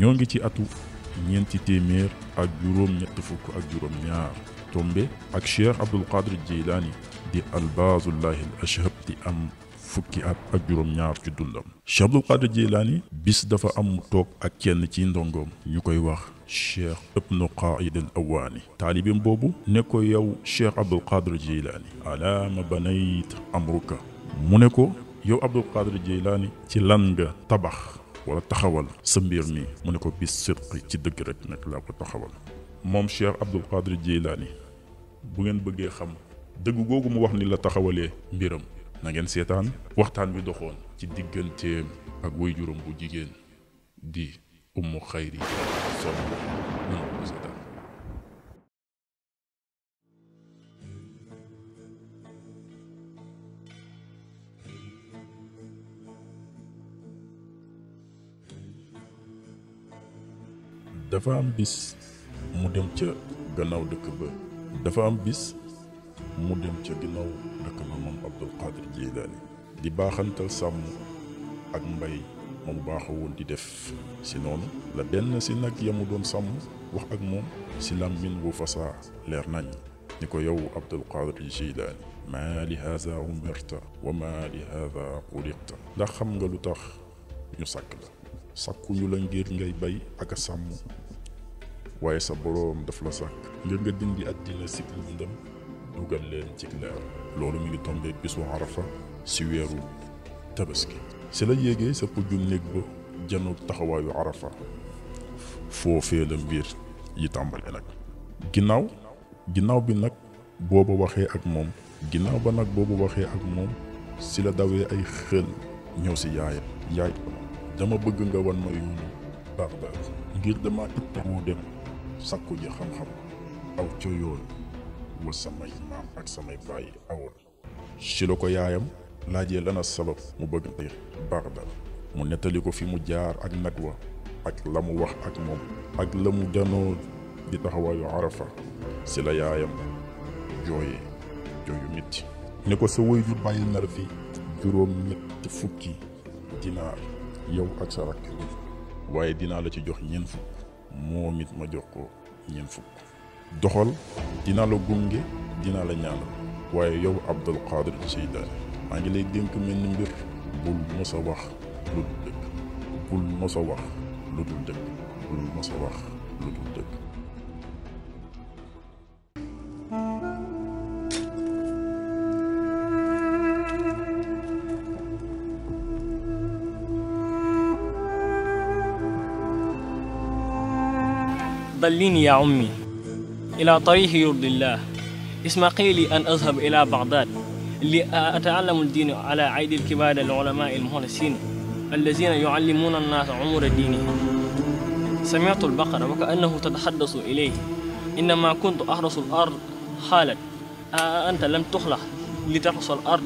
ñongi ci atu ñeenti témèr ak juróom ñett fukk ak juróom ñaar tombe ak cheikh abdul qadir jilani di albaazullahi al ashhab di am fukki at ak juróom ñaar ci dundam cheikh abdul qadir jilani bis dafa am tok ak kenn ci ndongom ñukoy wax cheikh ibnu qaid al awaani taalibim boobu ne ko yow cheikh abdul qadir jeylaani alaama banayt amruka mu ne ko yow abdul qadir jeylaani ci wala taxawal sa mbir mi mu ne ko bis sidqi ci dëgg rek nag laa ko taxawal moom Cheikh Abdul Qadir Jeylaani bu ngeen bëggee xam dëgg googu mu wax ni la taxawalee mbiram na ngeen seetaan waxtaan bi doxoon ci digganteem ak way juróom bu jigéen di ummu xayri sonn nan ko seetaan dafa am bis mu dem ca gannaaw dëkk ba dafa am bis mu dem ca gannaaw dëkk ba moom Abdul Qadir Jilaani di baaxantal sàmm ak mbay moom baaxa woon di def si noonu la benn si nag yamu doon sàmm wax ak moom si làmmiñ wu fasaa leer nañ ni ko yow Abdul Qadir Jilaani maa li haada umirta wa maa li haada xuliqta ndax xam nga lu tax ñu sàkk la sàkkuñu la ngir ngay bay ak a sàmm waaye sa boroom daf la sàkk ngir nga dindi àddina sik lu ndëm leen ci leer loolu mi ngi tombee bisu arafa si weeru tabaski si la yéegee sa pujjum néeg ba janoog taxawaayu arafa foofee la mbir yi tàmbale nag ginnaaw ginnaaw bi nag booba waxee ak moom ginnaaw ba nag boobu waxee ak moom si la dawee ay xel ñëw si yaayam yaay dama bëgg nga wan ma yoonu Bagdad ngir dama ittamoo dem sakku ji xam-xam aw ca wa samay maam ak samay bàyyi awoon ci la ko yaayam laajee lana sabab mu bëgg tey Bagdad mu ko fi mu jaar ak Nadwa ak la mu wax ak moom ak la mu danoo di taxawaayu Arafa ci la yaayam jooyee jooyu métti ne ko sa wëy ju bàyyi nar fi juróom ñetti fukki dinaar yow ak sa rakk waaye dinaa la ci jox ñeent fukk moom it ma jox ko ñeent fukk doxal dinaa la gunge dinaa la ñaanal waaye yow Abdul Qadir Seydaane maa ngi lay dénk mel ni mbir bul mos a wax lu dul dëgg bul mos a wax lu dul dëgg ضليني يا عمي إلى طريق يرضي الله اسمع قيلي أن أذهب إلى بغداد لأتعلم الدين على أيدي الكبار العلماء المخلصين الذين يعلمون الناس عمر دينهم سمعت البقرة وكأنه تتحدث إليه إنما كنت أحرس الأرض خالد أنت لم تخلق لتحرس الأرض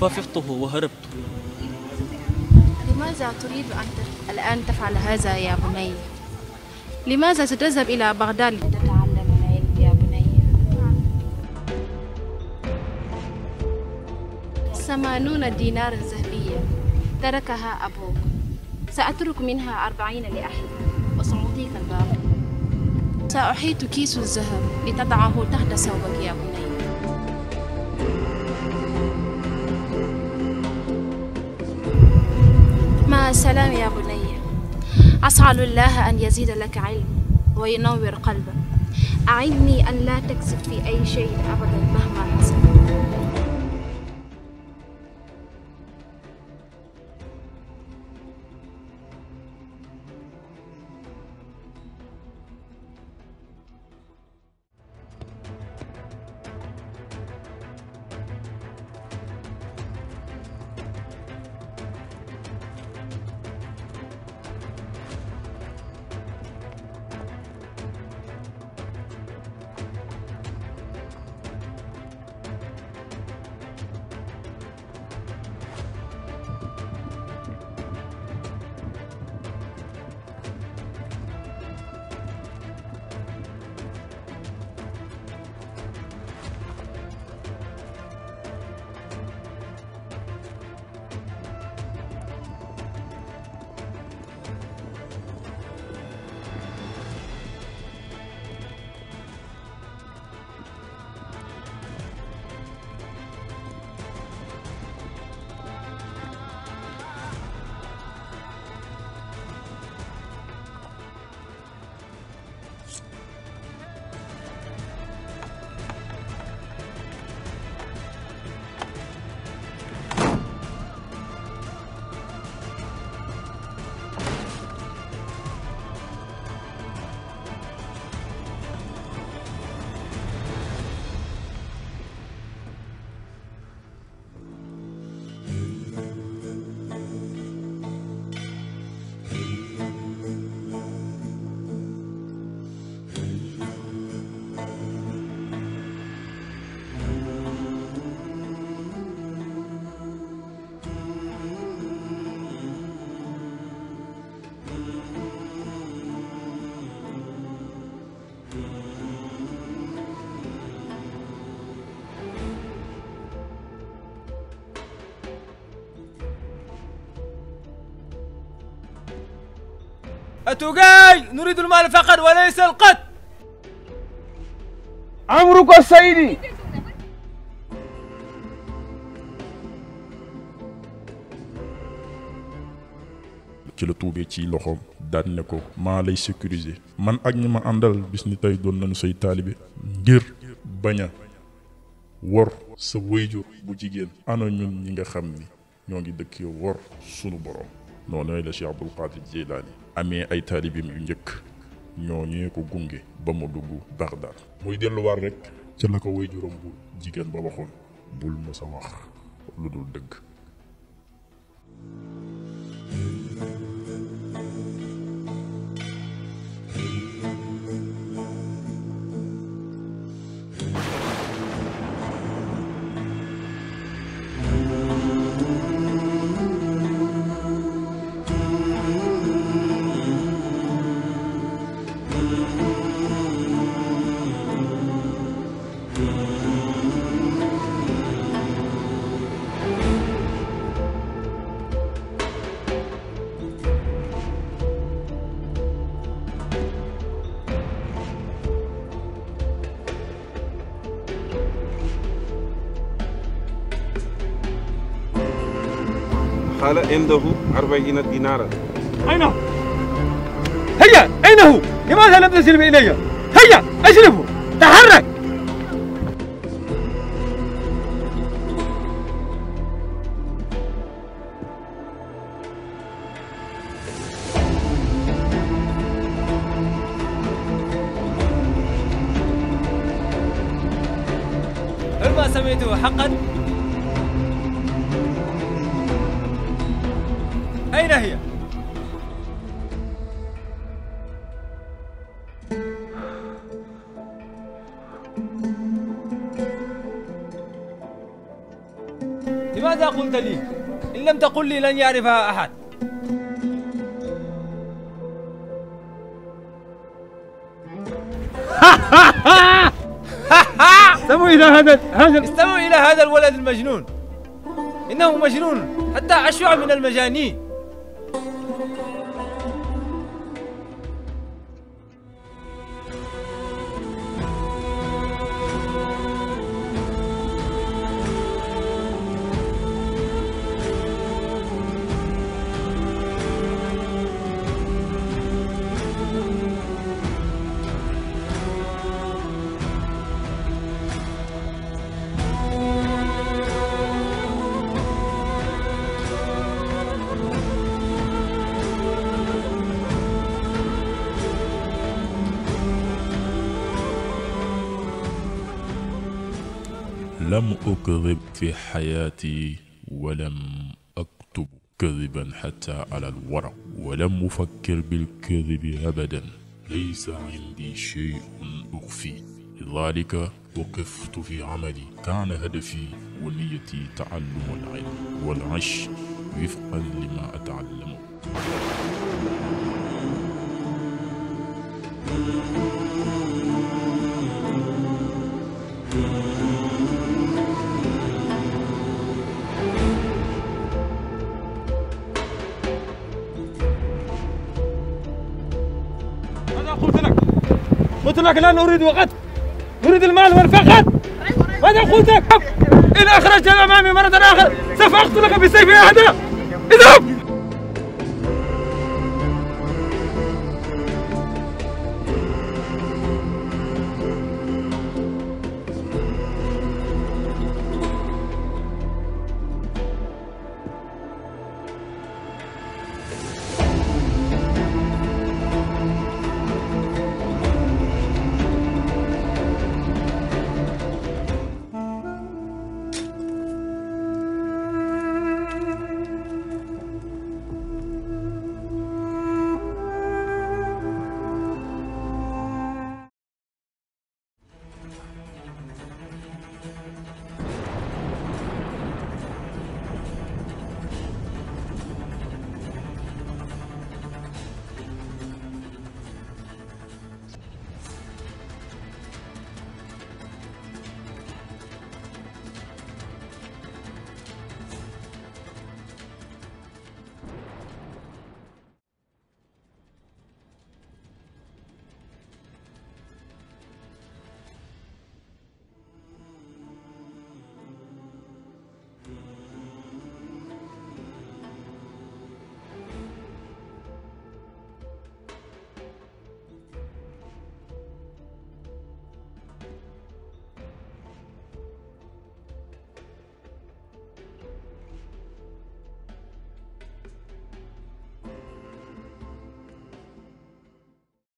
ففقته وهربت لماذا تريد أن الآن تفعل هذا يا بني؟ لماذا ستذهب إلى بغداد؟ ثمانون دينار ذهبية تركها أبوك سأترك منها أربعين لأحد وسأعطيك الباقي سأحيط كيس الذهب لتضعه تحت ثوبك يا بني مع السلامة يا بني أسأل الله أن يزيد لك علم وينور قلبك أعدني أن لا تكسب في أي شيء أبدا مهما أتوقاي نريد المال فقط وليس القتل أمرك سيدي ci la tuubee ci loxoom daan ne ko maa lay sécuriser man ak ñi ma àndal bis ni tey doon nañu say taalibe ngir bañ a wor sa wayjur bu jigéen ana ñun ñi nga xam ni ñoo ngi dëkk yow wor sunu borom noonu la Cheikh Abdul Qadir Jeylaani amee ay taalibeem yu njëkk ñoo ñee ko gunge ba mu dugg Baxdad muy delluwaat rek ca la ko waajuram bu jigéen ba waxoon bul mës wax lu dul dëgg قال عنده أربعين دينارا أين هو؟ هيا أين هو؟ لماذا لم تسلم إلي؟ هيا أسلمه تحرك هل ما سمعته حقا؟ أين هي؟ لماذا قلت لي؟ إن لم تقل لي لن يعرفها أحد استمعوا إلى هذا هذا استمعوا إلى هذا الولد المجنون إنه مجنون حتى أشع من المجانين لم أكذب في حياتي ولم أكتب كذبا حتى على الورق ولم أفكر بالكذب أبدا ليس عندي شيء أخفي لذلك وقفت في عملي كان هدفي ونيتي تعلم العلم والعش وفقا لما أتعلمه قلت لك لا نريد وقت نريد المال والفقر ماذا قلت لك إن أخرجت أمامي مرة أخرى سوف أقتلك بسيفي هذا اذهب